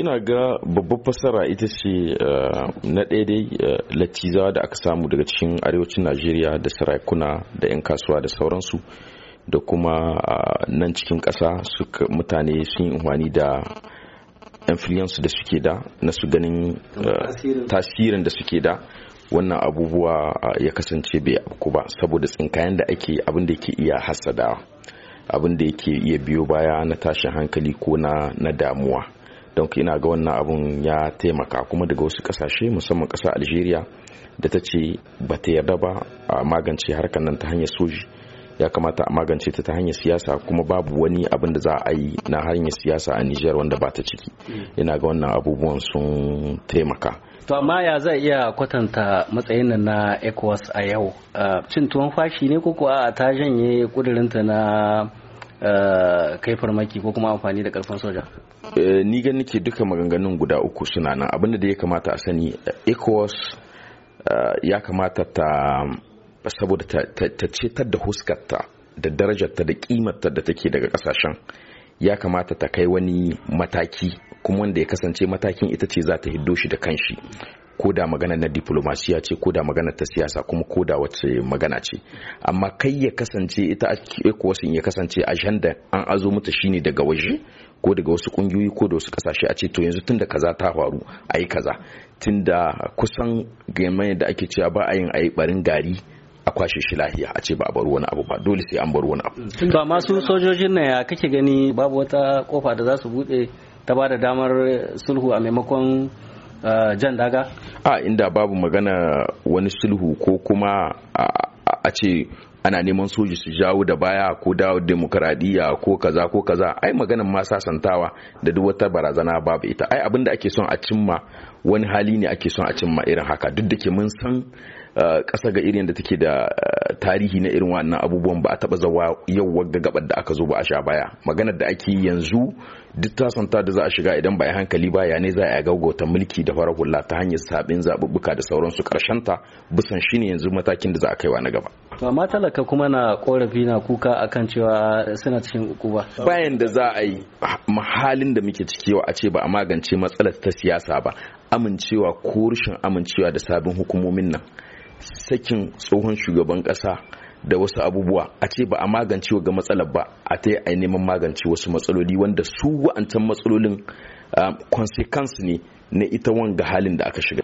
ina ga babbar fassara ita ce eh, na ɗaya dai eh, latizawa da aka samu daga cikin arewacin najeriya da sarakuna da 'yan kasuwa da sauransu da kuma nan cikin ƙasa mutane sun yi umarni da influence da suke da na su ganin eh, tasirin da suke da wannan abubuwa ya kasance bai abu ba saboda tsinkayen da ake abin da yake iya hassadawa abin da yake iya biyo baya na tashin hankali ko na damuwa don ina ga wannan abun ya taimaka kuma daga wasu kasashe musamman ƙasa algeria da ta ce ba ta yarda ba a magance harkar nan ta hanyar soji ya kamata a magance ta ta hanyar siyasa kuma babu wani abin da za a yi na hanyar siyasa a Nijar wanda ba ta ciki mm. ina ga wannan abubuwan sun taimaka to amma ya zai iya kwatanta matsayin nan na ECOWAS a yau ah, cin tuwon fashi ne ko kuwa ta janye kudurinta na Eh, kai farmaki ko kuma amfani da karfin soja eh, ni ga nake duka maganganun guda uku suna nan abinda da ya kamata a sani ecowas eh, ya kamata ta saboda ta cetar da huskarta da darajarta da kimarta da take daga kasashen ya kamata ta kai wani mataki kuma wanda ya kasance matakin ita ce za ta hiddo shi da kanshi koda da magana na diplomasiya ce ko da magana ta siyasa kuma koda wace magana ce amma kai ya kasance ita ecowas ya kasance a ajanda an azo mata shine daga waje ko daga wasu kungiyoyi ko da wasu kasashe a ce to yanzu tunda kaza ta faru a yi kaza tunda kusan game da ake cewa ba a yin a yi barin gari a kwashe shi lahiya a ce ba a bar wani abu ba dole sai an bar wani abu. to masu sojojin na ya kake gani babu wata kofa da za su buɗe ta ba da damar sulhu a maimakon Uh, jan daga a inda babu magana wani sulhu ko kuma a ce ana neman soji su jawo da baya ko dawo demokaradiyya ko kaza ko kaza ai maganar ma sasantawa da duk wata barazana babu ita ai abin da ake son a cimma wani hali ne ake son a cimma irin haka duk da ke mun san eh, ƙasa ga irin da take da eh, tarihi na irin wannan abubuwan ba a taba zawa yau ga gabar da aka zo ba a sha baya maganar da ake yanzu duk tasanta da za a shiga idan ba a hankali ba ya ne za a gaugauta mulki da farar hula ta hanyar sabin zaɓuɓɓuka da sauransu ta bisan ne yanzu matakin da za a kaiwa na gaba to amma talaka kuma na korafi na kuka a kan cewa suna cikin ba. bayan da za a yi mahalin da muke ciki a ce ba a magance matsalar ta siyasa ba amincewa ko rashin amincewa da sabbin hukumomin nan sakin tsohon shugaban kasa da wasu abubuwa a ce ba a magance ga matsalar ba a ta yi neman magance wasu matsaloli wanda su wa'ancan matsalolin ah, consequence ne na ita wanga halin da aka shiga